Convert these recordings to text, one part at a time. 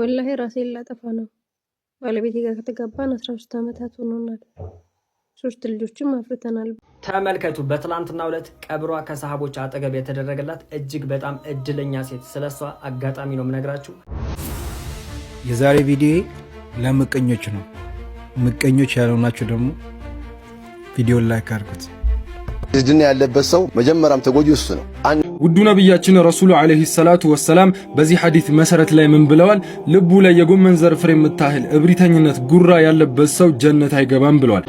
ወላሂ ራሴን ላጠፋ ነው። ባለቤቴ ጋር ከተጋባን አስራ ሶስት ዓመታት ሆኖናል። ሶስት ልጆችም አፍርተናል። ተመልከቱ። በትላንትና ዕለት ቀብሯ ከሰሃቦች አጠገብ የተደረገላት እጅግ በጣም እድለኛ ሴት። ስለሷ አጋጣሚ ነው የምነግራችሁ። የዛሬ ቪዲዮ ለምቀኞች ነው። ምቀኞች ያልሆናችሁ ደግሞ ቪዲዮ ላይክ አድርጉት። ድን ያለበት ሰው መጀመሪያም ተጎጂ እሱ ነው። ውዱ ነቢያችን ረሱሉ ዓለይሂ ሰላቱ ወሰላም በዚህ ሐዲት መሰረት ላይ ምን ብለዋል? ልቡ ላይ የጎመን ዘር ፍሬ የምታህል እብሪተኝነት፣ ጉራ ያለበት ሰው ጀነት አይገባም ብለዋል።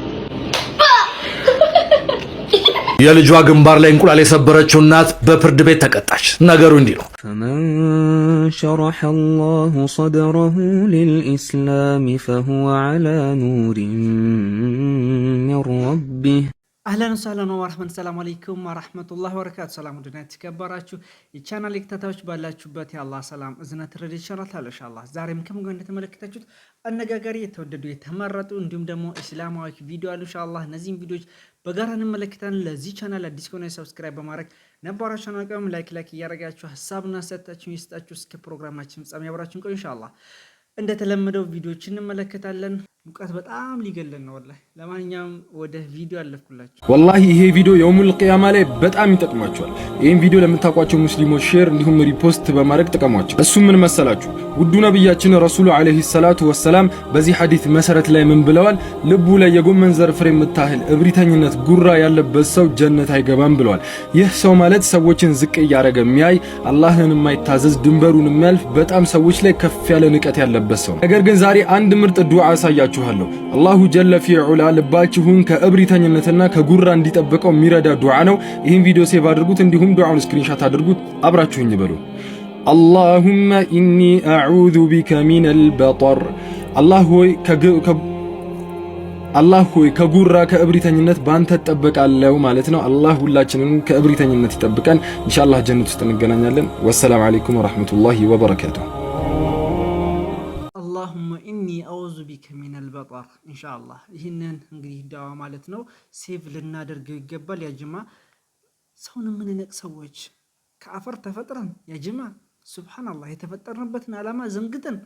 የልጇ ግንባር ላይ እንቁላል የሰበረችው እናት በፍርድ ቤት ተቀጣች። ነገሩ እንዲህ ነው። ፈመን ሸረሐ ሰድረሁ ሊልኢስላሚ ፈሁወ ዐላ ኑሪን ሚን ረቢህ አህለን ሳለን ወራህመን ሰላም አለይኩም ወራህመቱላሂ ወበረካቱ። ሰላም ድና የተከበራችሁ የቻናል ተከታታዮች ባላችሁበት የአላህ ሰላም እዝነት ረድ ይሻላት አለሻላ። ዛሬም ከም እንደተመለከታችሁት አነጋጋሪ የተወደዱ የተመረጡ እንዲሁም ደግሞ እስላማዊ ቪዲዮ አሉ ኢንሻአላ። እነዚህን ቪዲዮዎች በጋራ እንመለከታለን። ለዚህ ቻናል አዲስ ከሆነ ሰብስክራይብ በማድረግ ነባራችሁ ቻናል ላይክ ላይክ እያደረጋችሁ ሀሳብና አስተያየታችሁን ይስጣችሁ። እስከ ፕሮግራማችን ፍጻሜ አብራችሁን ቆዩ ኢንሻአላ። እንደተለመደው ቪዲዮዎችን እንመለከታለን። ሙቀት በጣም ሊገለን ነው ወላሂ ለማንኛውም ወደ ቪዲዮ አለፍኩላችሁ። ወላሂ ይሄ ቪዲዮ የውሙል ቅያማ ላይ በጣም ይጠቅማቸዋል። ይህም ቪዲዮ ለምታውቋቸው ሙስሊሞች ሼር እንዲሁም ሪፖስት በማድረግ ጥቀሟቸው። እሱ ምን መሰላችሁ? ውዱ ነቢያችን ረሱሉ ዓለይሂ ሰላቱ ወሰላም በዚህ ሐዲት መሰረት ላይ ምን ብለዋል? ልቡ ላይ የጎመን ዘር ፍሬ የምታህል እብሪተኝነት፣ ጉራ ያለበት ሰው ጀነት አይገባም ብለዋል። ይህ ሰው ማለት ሰዎችን ዝቅ እያደረገ የሚያይ አላህን የማይታዘዝ ድንበሩን የሚያልፍ በጣም ሰዎች ላይ ከፍ ያለ ንቀት ያለበት ሰው። ነገር ግን ዛሬ አንድ ምርጥ ዱዓ አሳያችኋለሁ። አላሁ ጀለ ፊ ልባችሁን ከእብሪተኝነትና ከጉራ እንዲጠብቀው የሚረዳ ዱዓ ነው። ይህን ቪዲዮ ሴቭ አድርጉት፣ እንዲሁም ዱዓውን ስክሪንሻት አድርጉት። አብራችሁኝ በሉ። አላሁመ ኢኒ አዑዙ ቢከ ሚነል በጠር። አላህ ሆይ ከጉራ ከእብሪተኝነት ባንተ እጠበቃለሁ ማለት ነው። አላህ ሁላችንን ከእብሪተኝነት ይጠብቀን። ኢንሻአላህ ጀነት ውስጥ እንገናኛለን። ወሰላም አለይኩም ወራህመቱላሂ ወበረካቱሁ። አላሁመ ኢኒ አውዙ ቢከ ሚነል በጠር ኢንሻአላህ። ይህንን እንግዲህ ዳዋ ማለት ነው ሴቭ ልናደርገው ይገባል። ያጅማ ሰውን የምንነቅ ሰዎች ከአፈር ተፈጥረን ያጅማ ሱብሓነላህ የተፈጠርንበትን ዓላማ ዘንግጠን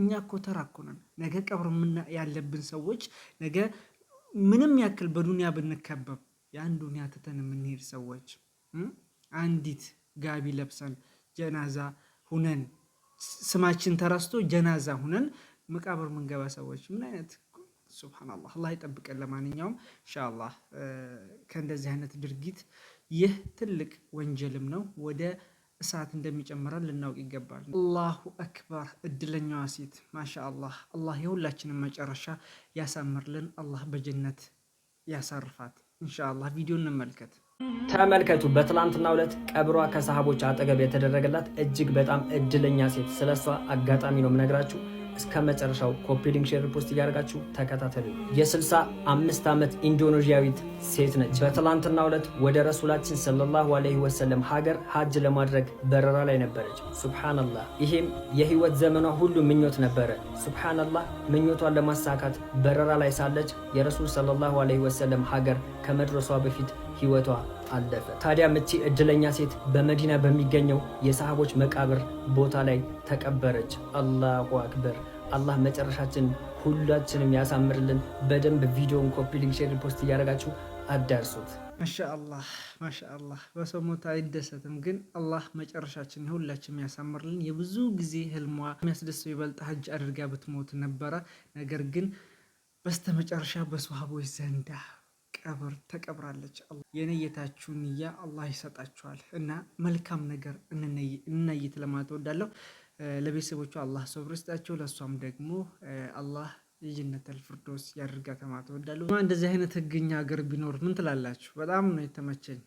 እኛ እኮ ተራኩነን ነገ ቀብር ያለብን ሰዎች ነገ ምንም ያክል በዱንያ ብንከበብ ያን ዱንያ ትተን የምንሄድ ሰዎች አንዲት ጋቢ ለብሰን ጀናዛ ሁነን ስማችን ተረስቶ ጀናዛ ሁነን መቃብር ምንገባ ሰዎች ምን አይነት ሱብሃነላህ፣ አላህ ይጠብቀን። ለማንኛውም ኢንሻአላህ ከእንደዚህ አይነት ድርጊት ይህ ትልቅ ወንጀልም ነው፣ ወደ እሳት እንደሚጨምረን ልናውቅ ይገባል። አላሁ አክበር። እድለኛዋ ሴት ማሻአላህ። አላህ የሁላችንን መጨረሻ ያሳምርልን። አላህ በጀነት ያሳርፋት። ኢንሻአላህ ቪዲዮ እንመልከት። ተመልከቱ። በትላንትና ዕለት ቀብሯ ከሰሃቦች አጠገብ የተደረገላት እጅግ በጣም እድለኛ ሴት። ስለሷ አጋጣሚ ነው የምነግራችሁ። እስከ መጨረሻው ኮፒ ሊንክ ሼር ፖስት እያደረጋችሁ ተከታተሉ። የ65 ዓመት ኢንዶኔዥያዊት ሴት ነች። በትላንትና ዕለት ወደ ረሱላችን ሰለላሁ አለህ ወሰለም ሀገር ሀጅ ለማድረግ በረራ ላይ ነበረች። ሱብሓነላህ። ይሄም የህይወት ዘመኗ ሁሉ ምኞት ነበረ። ሱብሓነላህ። ምኞቷን ለማሳካት በረራ ላይ ሳለች የረሱል ሰለላሁ አለይሂ ወሰለም ሀገር ከመድረሷ በፊት ህይወቷ አለፈ። ታዲያ ምቺ እድለኛ ሴት በመዲና በሚገኘው የሰሃቦች መቃብር ቦታ ላይ ተቀበረች። አላሁ አክበር። አላህ መጨረሻችን ሁላችንም ያሳምርልን። በደንብ ቪዲዮን ኮፒ፣ ሊንክ፣ ሼር፣ ፖስት እያደረጋችሁ አዳርሱት። ማሻአላህ ማሻአላህ። በሰው ሞት አይደሰትም፣ ግን አላህ መጨረሻችን ሁላችንም ያሳምርልን። የብዙ ጊዜ ህልሟ የሚያስደስተው ይበልጥ ሀጅ አድርጋ ብትሞት ነበረ። ነገር ግን በስተመጨረሻ በሰሃቦች ዘንዳ ቀብር ተቀብራለች። የነየታችሁን የታችሁ ንያ አላህ ይሰጣችኋል እና መልካም ነገር እንነይት ለማለት እወዳለሁ። ለቤተሰቦቹ አላህ ሰብር ይስጣቸው፣ ለእሷም ደግሞ አላህ የጀነተል ፊርዶስ ያድርጋት ማለት እወዳለሁ። እንደዚህ አይነት ህግኛ ሀገር ቢኖር ምን ትላላችሁ? በጣም ነው የተመቸኝ።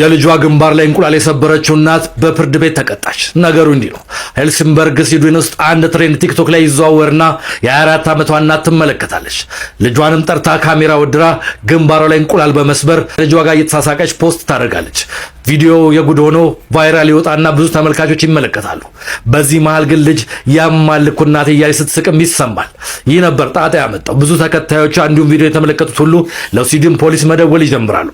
የልጇ ግንባር ላይ እንቁላል የሰበረችው እናት በፍርድ ቤት ተቀጣች። ነገሩ እንዲህ ነው። ሄልሲንበርግ ስዊድን ውስጥ አንድ ትሬንድ ቲክቶክ ላይ ይዘዋወርና የ24 ዓመቷ እናት ትመለከታለች። ልጇንም ጠርታ ካሜራ ወድራ ግንባሯ ላይ እንቁላል በመስበር ልጇ ጋር እየተሳሳቀች ፖስት ታደርጋለች። ቪዲዮ የጉድ ሆኖ ቫይራል ይወጣና ብዙ ተመልካቾች ይመለከታሉ። በዚህ መሃል ግን ልጅ ያማልኩ እኮ እናቴ እያለች ስትስቅም ይሰማል። ይህ ነበር ጣጣ ያመጣው። ብዙ ተከታዮቿ እንዲሁም ቪዲዮ የተመለከቱት ሁሉ ለስዊድን ፖሊስ መደወል ይጀምራሉ።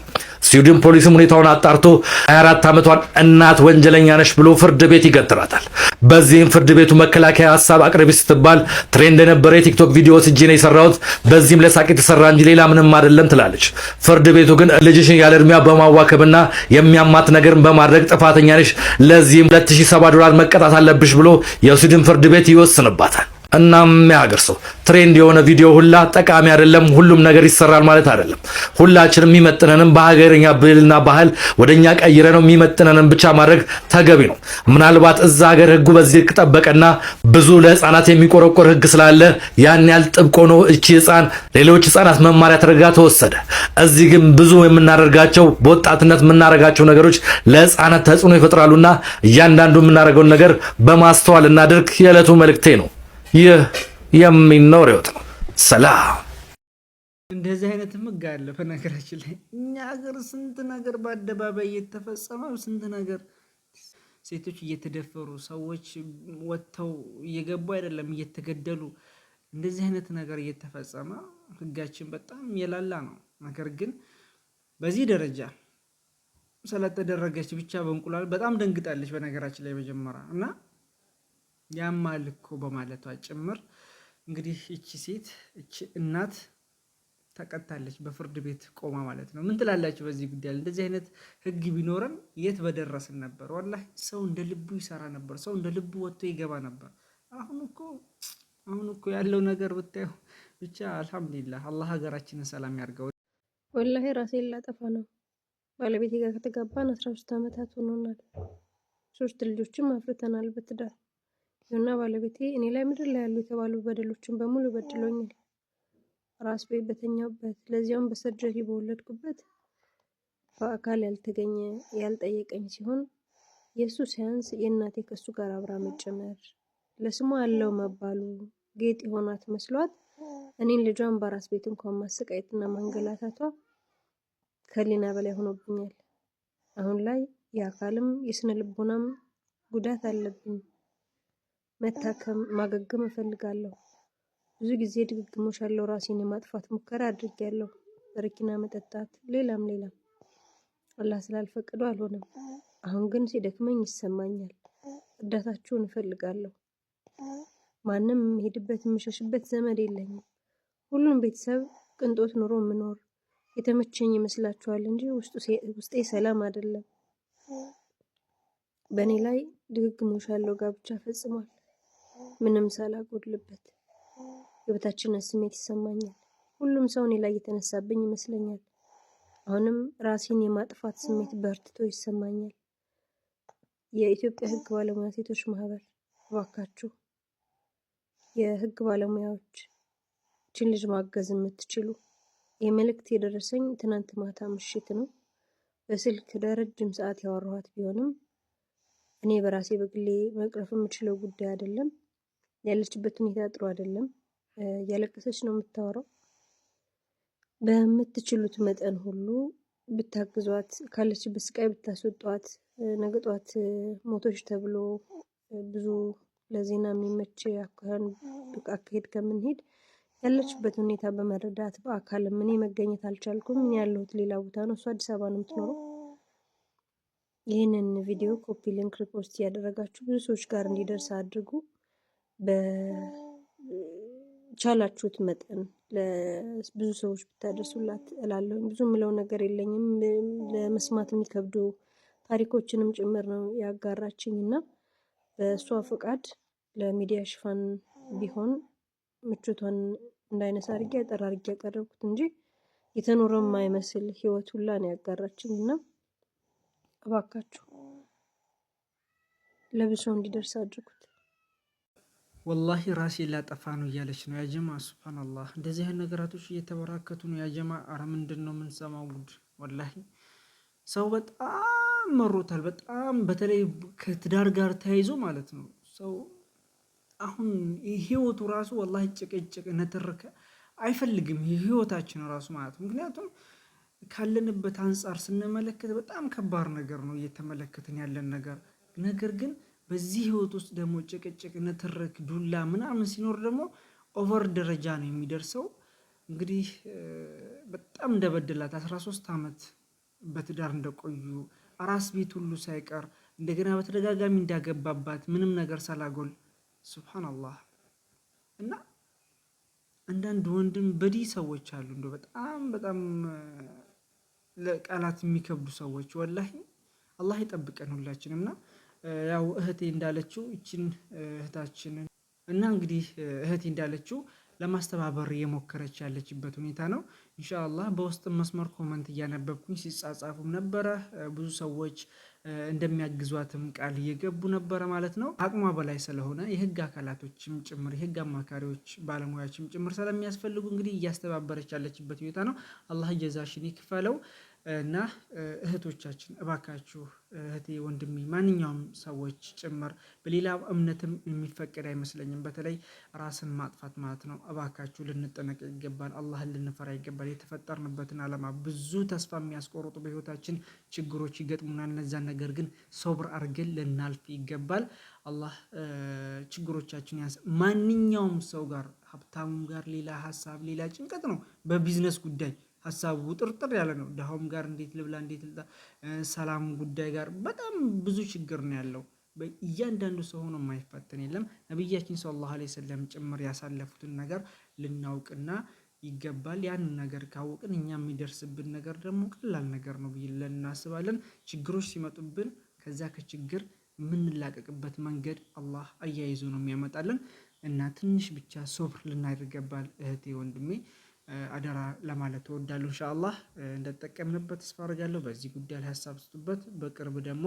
ስዊድን ፖሊስም ሁኔታውን አጣርቶ 24 ዓመቷን እናት ወንጀለኛ ነሽ ብሎ ፍርድ ቤት ይገትራታል። በዚህም ፍርድ ቤቱ መከላከያ ሀሳብ አቅርቢ ስትባል ትሬንድ የነበረ የቲክቶክ ቪዲዮ ስጄ ነው የሰራሁት፣ በዚህም ለሳቅ የተሰራ እንጂ ሌላ ምንም አይደለም ትላለች። ፍርድ ቤቱ ግን ልጅሽን ያለ እድሜዋ በማዋከብና የሚያማት ነገርን በማድረግ ጥፋተኛ ነሽ፣ ለዚህም 2070 ዶላር መቀጣት አለብሽ ብሎ የስዊድን ፍርድ ቤት ይወስንባታል። እናም የሀገር ሰው ትሬንድ የሆነ ቪዲዮ ሁላ ጠቃሚ አይደለም። ሁሉም ነገር ይሰራል ማለት አይደለም። ሁላችንም የሚመጥነንም በሀገርኛ ብልና ባህል ወደኛ ቀይረ ነው የሚመጥነንም ብቻ ማድረግ ተገቢ ነው። ምናልባት እዛ ሀገር ህጉ በዚህ ጠበቀና ብዙ ለህፃናት የሚቆረቆር ህግ ስላለ ያን ያህል ጥብቆ ነው እቺ ህፃን ሌሎች ህፃናት መማሪያ ተደርጋ ተወሰደ። እዚህ ግን ብዙ የምናደርጋቸው በወጣትነት የምናደርጋቸው ነገሮች ለህፃናት ተጽዕኖ ይፈጥራሉና እያንዳንዱ የምናደርገውን ነገር በማስተዋል እናድርግ። የዕለቱ መልእክቴ ነው። ይህ የሚኖር ነው። ሰላም እንደዚህ አይነት ምግ አለ። በነገራችን ላይ እኛ ሀገር ስንት ነገር በአደባባይ እየተፈጸመ ስንት ነገር ሴቶች እየተደፈሩ ሰዎች ወጥተው እየገቡ አይደለም እየተገደሉ እንደዚህ አይነት ነገር እየተፈጸመ ህጋችን በጣም የላላ ነው። ነገር ግን በዚህ ደረጃ ስለተደረገች ብቻ በእንቁላል በጣም ደንግጣለች። በነገራችን ላይ መጀመሪያ እና ያማል እኮ በማለቷ ጭምር እንግዲህ እቺ ሴት እቺ እናት ተቀጣለች፣ በፍርድ ቤት ቆማ ማለት ነው። ምን ትላላችሁ በዚህ ጉዳይ? እንደዚህ አይነት ህግ ቢኖረን የት በደረስን ነበር? ወላሂ ሰው እንደ ልቡ ይሰራ ነበር። ሰው እንደ ልቡ ወጥቶ ይገባ ነበር። አሁን እኮ አሁን እኮ ያለው ነገር ብታዩ ብቻ አልሐምዱሊላህ። አላህ ሀገራችንን ሰላም ያርገው። ወላሂ ራሴን ላጠፋ ነው። ባለቤቴ ጋር ከተጋባን አስራ ሶስት ዓመታት ሆኖናል። ሶስት ልጆችም አፍርተናል በትዳር ይሁና ባለቤቴ እኔ ላይ ምድር ላይ ያሉ የተባሉ በደሎችን በሙሉ በድሎኛል። ራስ ቤት በተኛውበት ለዚያውም በሰርጀሪ በወለድኩበት በአካል ያልተገኘ ያልጠየቀኝ ሲሆን የእሱ ሳያንስ የእናቴ ከእሱ ጋር አብራ መጨመር ለስሙ ያለው መባሉ ጌጥ የሆናት መስሏት እኔን ልጇን በራስ ቤት እንኳን ማሰቃየትና ማንገላታቷ ከሊና በላይ ሆኖብኛል። አሁን ላይ የአካልም የስነ ልቦናም ጉዳት አለብኝ። መታከም ማገገም እፈልጋለሁ። ብዙ ጊዜ ድግግሞሽ አለው ራሴን የማጥፋት ሙከራ አድርጌያለሁ። በረኪና መጠጣት፣ ሌላም ሌላም አላህ ስላልፈቀደው አልሆነም። አሁን ግን ሲደክመኝ ይሰማኛል። እርዳታችሁን እፈልጋለሁ። ማንም የምሄድበት የምሸሽበት ዘመድ የለኝም። ሁሉም ቤተሰብ ቅንጦት ኑሮ የምኖር የተመቸኝ ይመስላችኋል እንጂ ውስጤ ሰላም አይደለም። በእኔ ላይ ድግግሞሽ ያለው ጋብቻ ፈጽሟል። ምንም ሳላጎድልበት የበታችነት ስሜት ይሰማኛል። ሁሉም ሰው እኔ ላይ የተነሳብኝ ይመስለኛል። አሁንም ራሴን የማጥፋት ስሜት በርትቶ ይሰማኛል። የኢትዮጵያ ሕግ ባለሙያ ሴቶች ማህበር እባካችሁ፣ የሕግ ባለሙያዎች ችን ልጅ ማገዝ የምትችሉ የመልእክት የደረሰኝ ትናንት ማታ ምሽት ነው። በስልክ ለረጅም ሰዓት ያወራኋት ቢሆንም እኔ በራሴ በግሌ መቅረፍ የምችለው ጉዳይ አይደለም። ያለችበት ሁኔታ ጥሩ አይደለም። እያለቀሰች ነው የምታወራው። በምትችሉት መጠን ሁሉ ብታግዟት፣ ካለችበት ስቃይ ብታስወጧት። ነገ ጧት ሞቶች ተብሎ ብዙ ለዜና የሚመች አካሄድ ከምንሄድ ያለችበት ሁኔታ በመረዳት በአካል እኔ መገኘት አልቻልኩም። እኔ ያለሁት ሌላ ቦታ ነው። እሱ አዲስ አበባ ነው የምትኖረው። ይህንን ቪዲዮ ኮፒ ሊንክ ሪፖስት እያደረጋችሁ ብዙ ሰዎች ጋር እንዲደርስ አድርጉ። በቻላችሁት መጠን ለብዙ ሰዎች ብታደርሱላት እላለሁ። ብዙ ምለው ነገር የለኝም። ለመስማት የሚከብዱ ታሪኮችንም ጭምር ነው ያጋራችኝ እና በእሷ ፈቃድ ለሚዲያ ሽፋን ቢሆን ምቾቷን እንዳይነሳ አድርጌ አጠር አድርጌ ያቀረብኩት እንጂ የተኖረ የማይመስል ህይወት ሁላ ነው ያጋራችኝ እና እባካችሁ ለብሶ ሰው እንዲደርስ አድርጉት። ወላሂ ራሴ ላጠፋ ነው እያለች ነው ያጀማ። ሱብሃነላህ እንደዚህ አይነት ነገራቶች እየተበራከቱ ነው ያጀማ። አረ ምንድን ነው የምንሰማው? ጉድ ወላሂ ሰው በጣም መሮታል። በጣም በተለይ ከትዳር ጋር ተያይዞ ማለት ነው ሰው አሁን ህይወቱ ራሱ ወላሂ ጭቅጭቅ፣ ንትርክ አይፈልግም። ህይወታችን ራሱ ማለት ነው ምክንያቱም ካለንበት አንጻር ስንመለከት በጣም ከባድ ነገር ነው እየተመለከትን ያለን ነገር ነገር ግን በዚህ ህይወት ውስጥ ደግሞ ጭቅጭቅ፣ ንትርክ፣ ዱላ ምናምን ሲኖር ደግሞ ኦቨር ደረጃ ነው የሚደርሰው። እንግዲህ በጣም እንደበደላት 13 ዓመት በትዳር እንደቆዩ አራስ ቤት ሁሉ ሳይቀር እንደገና በተደጋጋሚ እንዳገባባት ምንም ነገር ሳላጎል ሱብሃነላህ። እና አንዳንድ ወንድም በዲ ሰዎች አሉ እንደ በጣም በጣም ለቃላት የሚከብዱ ሰዎች ወላሂ፣ አላህ ይጠብቀን ሁላችንም እና ያው እህቴ እንዳለችው ይችን እህታችንን እና እንግዲህ እህቴ እንዳለችው ለማስተባበር እየሞከረች ያለችበት ሁኔታ ነው። እንሻአላህ በውስጥ መስመር ኮመንት እያነበብኩኝ ሲጻጻፉም ነበረ። ብዙ ሰዎች እንደሚያግዟትም ቃል እየገቡ ነበረ ማለት ነው። አቅሟ በላይ ስለሆነ የህግ አካላቶችም ጭምር የህግ አማካሪዎች ባለሙያዎችም ጭምር ስለሚያስፈልጉ እንግዲህ እያስተባበረች ያለችበት ሁኔታ ነው። አላህ ጀዛሽን ይክፈለው። እና እህቶቻችን እባካችሁ እህቴ፣ ወንድሜ፣ ማንኛውም ሰዎች ጭምር በሌላ እምነትም የሚፈቀድ አይመስለኝም። በተለይ ራስን ማጥፋት ማለት ነው። እባካችሁ ልንጠነቅ ይገባል። አላህን ልንፈራ ይገባል። የተፈጠርንበትን ዓላማ ብዙ ተስፋ የሚያስቆርጡ በህይወታችን ችግሮች ይገጥሙናል። እነዛን ነገር ግን ሶብር አድርገን ልናልፍ ይገባል። አላህ ችግሮቻችን ያንስ። ማንኛውም ሰው ጋር ሀብታሙም ጋር ሌላ ሀሳብ ሌላ ጭንቀት ነው በቢዝነስ ጉዳይ ሀሳቡ ውጥርጥር ያለ ነው። ድሃውም ጋር እንዴት ልብላ፣ እንዴት ልጣ፣ ሰላም ጉዳይ ጋር በጣም ብዙ ችግር ነው ያለው። እያንዳንዱ ሰው ሆኖ የማይፈተን የለም። ነቢያችን ሰለላሁ ዐለይሂ ወሰለም ጭምር ያሳለፉትን ነገር ልናውቅና ይገባል። ያንን ነገር ካወቅን እኛ የሚደርስብን ነገር ደግሞ ቀላል ነገር ነው ብለን እናስባለን። ችግሮች ሲመጡብን ከዛ ከችግር የምንላቀቅበት መንገድ አላህ አያይዞ ነው የሚያመጣለን እና ትንሽ ብቻ ሶብር ልናደርገባል እህቴ ወንድሜ አደራ ለማለት እወዳለሁ። ኢንሻአላህ እንደተጠቀምንበት ተስፋ አደርጋለሁ። በዚህ ጉዳይ ላይ ሀሳብ ስጡበት። በቅርብ ደግሞ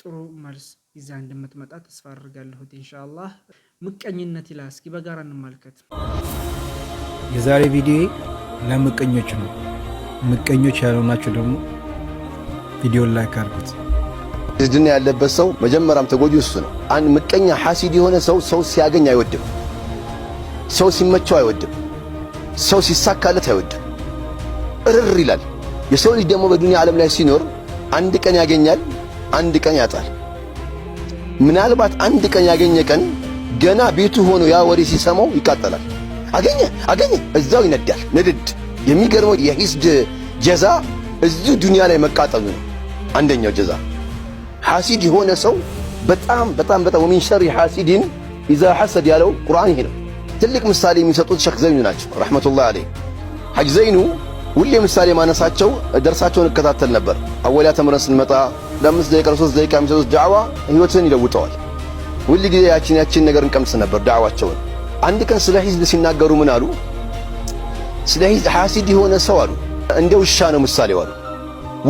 ጥሩ መልስ ይዛ እንደምትመጣ ተስፋ አድርጋለሁት ኢንሻአላህ። ምቀኝነት ይላል። እስኪ በጋራ እንመልከት። የዛሬ ቪዲዮ ለምቀኞች ነው። ምቀኞች ያልሆናችሁ ደግሞ ቪዲዮን ላይክ አድርጉት። ድድና ያለበት ሰው መጀመሪያም ተጎጂ እሱ ነው። አንድ ምቀኛ ሐሲድ የሆነ ሰው ሰው ሲያገኝ አይወድም፣ ሰው ሲመቸው አይወድም። ሰው ሲሳካለት አይወድም፣ እርር ይላል። የሰው ልጅ ደግሞ በዱንያ ዓለም ላይ ሲኖር አንድ ቀን ያገኛል፣ አንድ ቀን ያጣል። ምናልባት አንድ ቀን ያገኘ ቀን ገና ቤቱ ሆኖ ያ ወሬ ሲሰማው ይቃጠላል። አገኘ አገኘ፣ እዛው ይነዳል። ንድድ የሚገርመው የሂስድ ጀዛ እዚሁ ዱንያ ላይ መቃጠሉ ነው። አንደኛው ጀዛ ሐሲድ የሆነ ሰው በጣም በጣም በጣም ወሚን ሸሪ ሐሲድን ኢዛ ሐሰድ ያለው ቁርአን ይሄ ነው። ትልቅ ምሳሌ የሚሰጡት ሸክ ዘይኑ ናቸው ረሕመቱላህ አለይህ። ሐጅ ዘይኑ ሁሌ ምሳሌ ማነሳቸው ደርሳቸውን እከታተል ነበር። አወሊያ ተምረን ስንመጣ ለአምስት ደቂቃ ለሶስት ደቂቃ የሚሰጡት ዳዕዋ ህይወትን ይለውጠዋል። ሁል ጊዜ ያችን ያችን ነገር እንቀምስ ነበር ዳዕዋቸውን። አንድ ቀን ስለ ሒዝብ ሲናገሩ ምን አሉ? ስለ ሒዝብ ሐሲድ የሆነ ሰው አሉ እንደ ውሻ ነው ምሳሌው አሉ።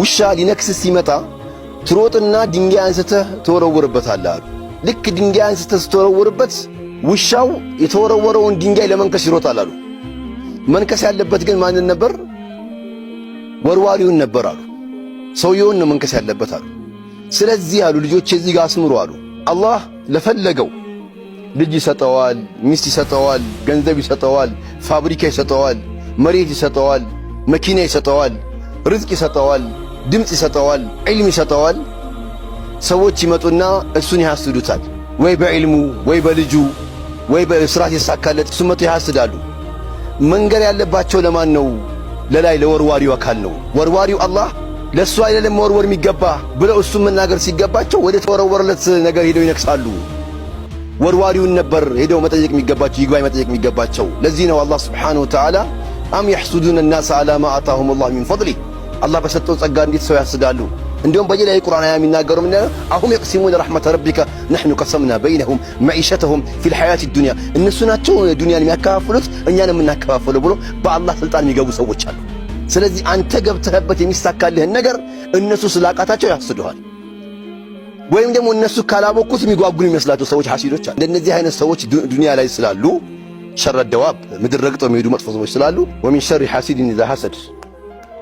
ውሻ ሊነክስ ሲመጣ ትሮጥና ድንጋይ አንስተህ ትወረውርበታለህ አሉ። ልክ ድንጋይ አንስተህ ስትወረውርበት ውሻው የተወረወረውን ድንጋይ ለመንከስ ይሮጣል አሉ። መንከስ ያለበት ግን ማንን ነበር? ወርዋሪውን ነበር አሉ። ሰውየውን ነው መንከስ ያለበት አሉ። ስለዚህ አሉ ልጆች እዚህ ጋር አስምሩ አሉ። አላህ ለፈለገው ልጅ ይሰጠዋል፣ ሚስት ይሰጠዋል፣ ገንዘብ ይሰጠዋል፣ ፋብሪካ ይሰጠዋል፣ መሬት ይሰጠዋል፣ መኪና ይሰጠዋል፣ ርዝቅ ይሰጠዋል፣ ድምፅ ይሰጠዋል፣ ዒልም ይሰጠዋል። ሰዎች ይመጡና እሱን ያስዱታል ወይ በዒልሙ ወይ በልጁ ወይ በስራት ይሳካለት እሱ መቶ ያሐስዳሉ። መንገር ያለባቸው ለማን ነው? ለላይ ለወርዋሪው አካል ነው። ወርዋሪው አላህ ለእሱ አይደለም መወርወር የሚገባ ብለው እሱ መናገር ሲገባቸው ወደ ተወረወረለት ነገር ሄደው ይነክሳሉ። ወርዋሪውን ነበር ሄደው መጠየቅ የሚገባቸው ይግባኝ መጠየቅ የሚገባቸው። ለዚህ ነው አላህ ሱብሓነሁ ወተዓላ አም የሕሱዱነ ናስ አላ ማ አታሁም ላህ ሚን ፈድሊህ አላህ በሰጠው ጸጋ እንዴት ሰው ያስዳሉ? እንዲሁም በሌላ የቁርአን አያ የሚናገሩ ምን ያለው አሁም የቅሲሙን ረሕመተ ረቢከ ነሕኑ ቀሰምና በይነሁም መዒሸተሁም ፊል ሐያት ዱንያ እነሱ ናቸው ዱንያን የሚያከፋፍሉት እኛን የምናከፋፍለው ብሎ በአላህ ስልጣን የሚገቡ ሰዎች አሉ። ስለዚህ አንተ ገብተህበት የሚሳካልህን ነገር እነሱ ስላቃታቸው ያስዱሃል። ወይም ደግሞ እነሱ ካላቦኩት የሚጓጉን የሚመስላቸው ሰዎች ሐሲዶች አሉ። እንደነዚህ አይነት ሰዎች ዱንያ ላይ ስላሉ ሸረ ደዋብ ምድር ረግጠው የሚሄዱ መጥፎ ሰዎች ስላሉ ወሚን ሸሪ ሐሲድን ኢዛ ሐሰድ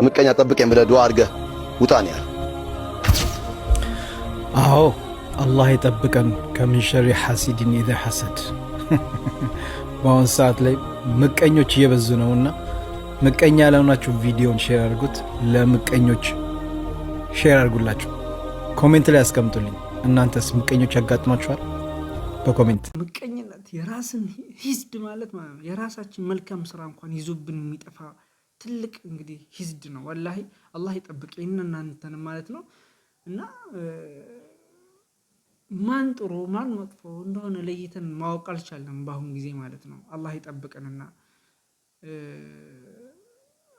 ምቀኛ ጠብቀኝ ብለህ ዱዓ አድርገህ ውጣ ነው አዎ አላህ የጠብቀን ከሚንሸሪ ሐሲድን ኢዛ ሐሰድ። በአሁን ሰዓት ላይ ምቀኞች እየበዙ ነውና ምቀኛ ያልሆናችሁ ቪዲዮን ሼር አድርጉት፣ ለምቀኞች ሼር አድርጉላችሁ። ኮሜንት ላይ ያስቀምጡልኝ። እናንተስ ምቀኞች ያጋጥሟችኋል? በኮሜንት ምቀኝነት የራስን ሂዝድ ማለት ማለት ነው። የራሳችን መልካም ስራ እንኳን ይዞብን የሚጠፋ ትልቅ እንግዲህ ሂዝድ ነው። ወላሂ አላህ ይጠብቅ ይህን እናንተን ማለት ነው። እና ማን ጥሩ ማን መጥፎ እንደሆነ ለይተን ማወቅ አልቻለም፣ በአሁኑ ጊዜ ማለት ነው። አላህ ይጠብቀንና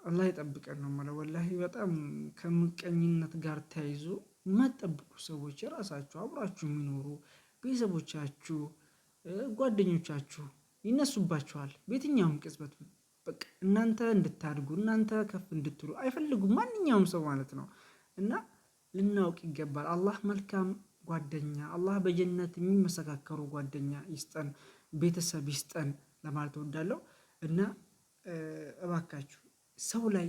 አላህ ይጠብቀን ነው ማለት ወላሂ በጣም ከምቀኝነት ጋር ተያይዞ የማትጠብቁ ሰዎች የራሳችሁ አብራችሁ የሚኖሩ ቤተሰቦቻችሁ፣ ጓደኞቻችሁ ይነሱባችኋል። በየትኛውም ቅጽበት በቃ እናንተ እንድታድጉ እናንተ ከፍ እንድትሉ አይፈልጉም ማንኛውም ሰው ማለት ነው እና ልናውቅ ይገባል። አላህ መልካም ጓደኛ፣ አላህ በጀነት የሚመሰካከሩ ጓደኛ ይስጠን፣ ቤተሰብ ይስጠን ለማለት እወዳለሁ እና እባካችሁ ሰው ላይ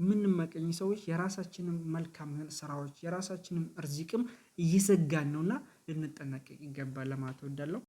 የምንመቀኝ ሰዎች የራሳችንም መልካም ስራዎች የራሳችንም እርዚቅም እየዘጋን ነውና ልንጠነቀቅ ይገባል ለማለት እወዳለሁ።